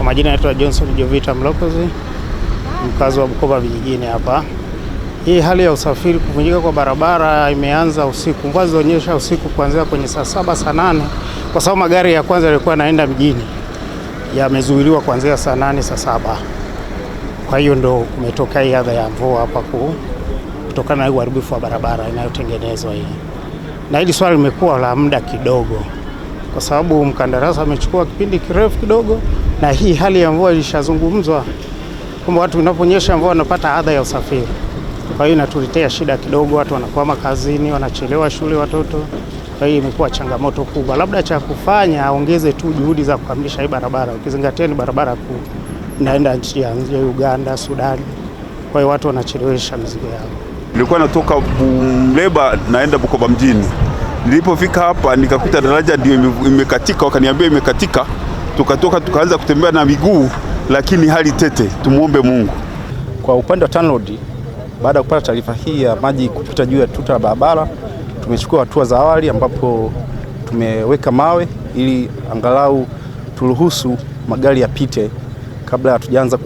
Kwa majina naitwa Johnson Jovita Mlokozi, mkazi wa Bukoba vijijini hapa. Hii hali ya usafiri kuvunjika kwa barabara imeanza usiku, mvua zilionyesha usiku kuanzia kwenye saa saba saa nane kwa sababu magari ya kwanza yalikuwa yanaenda mjini yamezuiliwa kuanzia saa nane saa saba Kwa hiyo ndo kumetokea hii adha ya mvua hapa kuu kutokana na uharibifu wa barabara inayotengenezwa hii, na hili swali limekuwa la muda kidogo, kwa sababu mkandarasi amechukua kipindi kirefu kidogo na hii hali ya mvua ilishazungumzwa kwamba watu inaponyesha mvua wanapata adha ya usafiri. Kwa hiyo inatuletea shida kidogo, watu wanakwama kazini, wanachelewa shule watoto. Kwa hiyo imekuwa changamoto kubwa. Labda cha kufanya aongeze tu juhudi za kukamilisha hii barabara, ukizingatia ni barabara kuu naenda nchi ya nje, Uganda, Sudani. Kwa hiyo watu wanachelewesha mizigo yao. Nilikuwa natoka Mleba naenda Bukoba mjini, nilipofika hapa nikakuta daraja ndio imekatika, wakaniambia imekatika tukatoka tukaanza kutembea na miguu, lakini hali tete. Tumwombe Mungu. Kwa upande wa TANROADS, baada ya kupata taarifa hii ya maji kupita juu ya tuta la barabara, tumechukua hatua za awali ambapo tumeweka mawe ili angalau turuhusu magari yapite kabla hatujaanza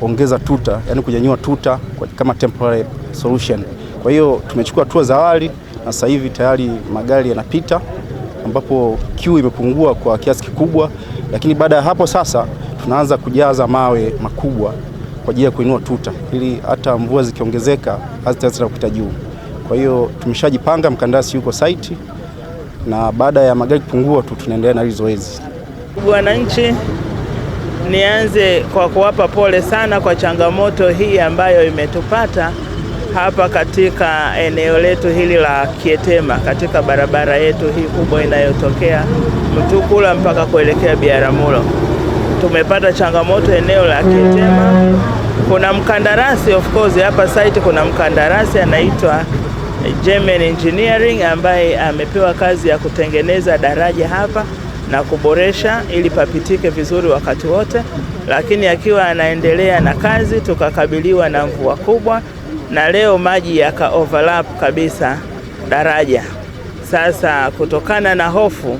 kuongeza tuta, yani kunyanyua tuta kwa kama temporary solution. Kwa hiyo tumechukua hatua za awali na sasa hivi tayari magari yanapita ambapo kiu imepungua kwa kiasi kikubwa, lakini baada ya hapo sasa tunaanza kujaza mawe makubwa kwa ajili ya kuinua tuta ili hata mvua zikiongezeka hazitaweza kupita juu. Kwa hiyo tumeshajipanga, mkandarasi yuko site, na baada ya magari kupungua tu tunaendelea na hili zoezi. Wananchi, nianze kwa kuwapa pole sana kwa changamoto hii ambayo imetupata hapa katika eneo letu hili la Kietema, katika barabara yetu hii kubwa inayotokea Mtukula mpaka kuelekea Biaramulo. Tumepata changamoto eneo la Kietema, kuna mkandarasi of course hapa site, kuna mkandarasi anaitwa German Engineering ambaye amepewa kazi ya kutengeneza daraja hapa na kuboresha ili papitike vizuri wakati wote, lakini akiwa anaendelea na kazi tukakabiliwa na mvua kubwa na leo maji yaka overlap kabisa daraja. Sasa kutokana na hofu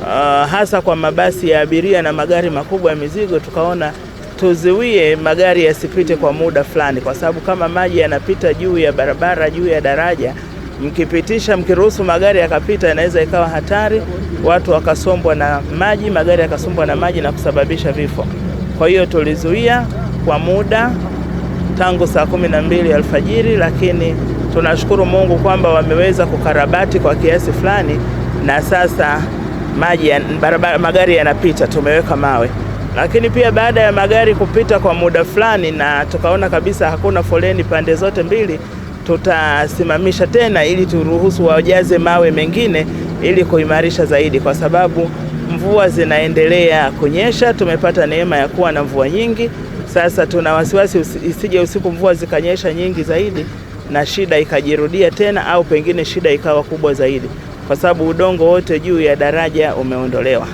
uh, hasa kwa mabasi ya abiria na magari makubwa ya mizigo, tukaona tuziwie magari yasipite kwa muda fulani, kwa sababu kama maji yanapita juu ya barabara, juu ya daraja, mkipitisha, mkiruhusu magari yakapita, inaweza ikawa hatari, watu wakasombwa na maji, magari yakasombwa na maji na kusababisha vifo. Kwa hiyo tulizuia kwa muda tangu saa kumi na mbili alfajiri, lakini tunashukuru Mungu kwamba wameweza kukarabati kwa kiasi fulani, na sasa maji ya barabara, magari yanapita, tumeweka mawe. Lakini pia baada ya magari kupita kwa muda fulani na tukaona kabisa hakuna foleni pande zote mbili, tutasimamisha tena ili turuhusu wajaze mawe mengine ili kuimarisha zaidi, kwa sababu mvua zinaendelea kunyesha. Tumepata neema ya kuwa na mvua nyingi. Sasa tuna wasiwasi isije usiku mvua zikanyesha nyingi zaidi na shida ikajirudia tena, au pengine shida ikawa kubwa zaidi, kwa sababu udongo wote juu ya daraja umeondolewa.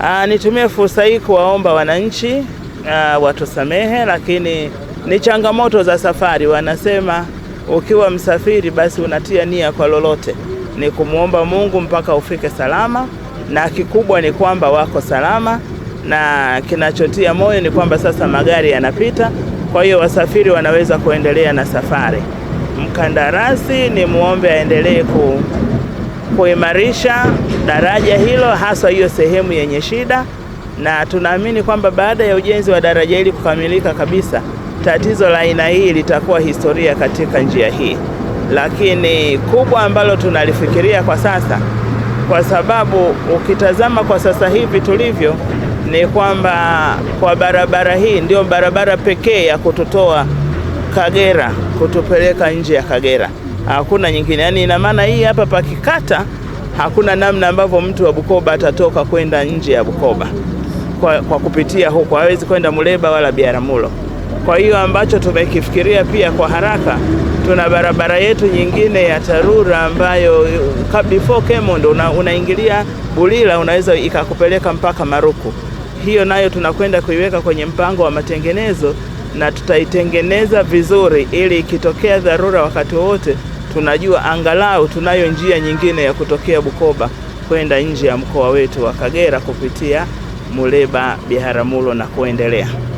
Aa, ah, nitumie fursa hii kuwaomba wananchi aa, ah, watusamehe, lakini ni changamoto za safari. Wanasema ukiwa msafiri basi unatia nia kwa lolote. Ni kumwomba Mungu mpaka ufike salama, na kikubwa ni kwamba wako salama na kinachotia moyo ni kwamba sasa magari yanapita, kwa hiyo wasafiri wanaweza kuendelea na safari. Mkandarasi ni muombe aendelee ku, kuimarisha daraja hilo, hasa hiyo sehemu yenye shida, na tunaamini kwamba baada ya ujenzi wa daraja hili kukamilika kabisa, tatizo la aina hii litakuwa historia katika njia hii. Lakini kubwa ambalo tunalifikiria kwa sasa, kwa sababu ukitazama kwa sasa hivi tulivyo ni kwamba kwa barabara hii ndio barabara pekee ya kutotoa Kagera kutupeleka nje ya Kagera, hakuna nyingine. Yaani ina maana hii hapa pakikata, hakuna namna ambavyo mtu wa Bukoba atatoka kwenda nje ya Bukoba kwa, kwa kupitia huko, hawezi kwenda Muleba wala Biaramulo. Kwa hiyo ambacho tumekifikiria pia kwa haraka, tuna barabara yetu nyingine ya TARURA ambayo before Kemondo unaingilia una Bulila, unaweza ikakupeleka mpaka Maruku hiyo nayo tunakwenda kuiweka kwenye mpango wa matengenezo na tutaitengeneza vizuri, ili ikitokea dharura wakati wowote tunajua angalau tunayo njia nyingine ya kutokea Bukoba kwenda nje ya mkoa wetu wa Kagera kupitia Muleba, Biharamulo na kuendelea.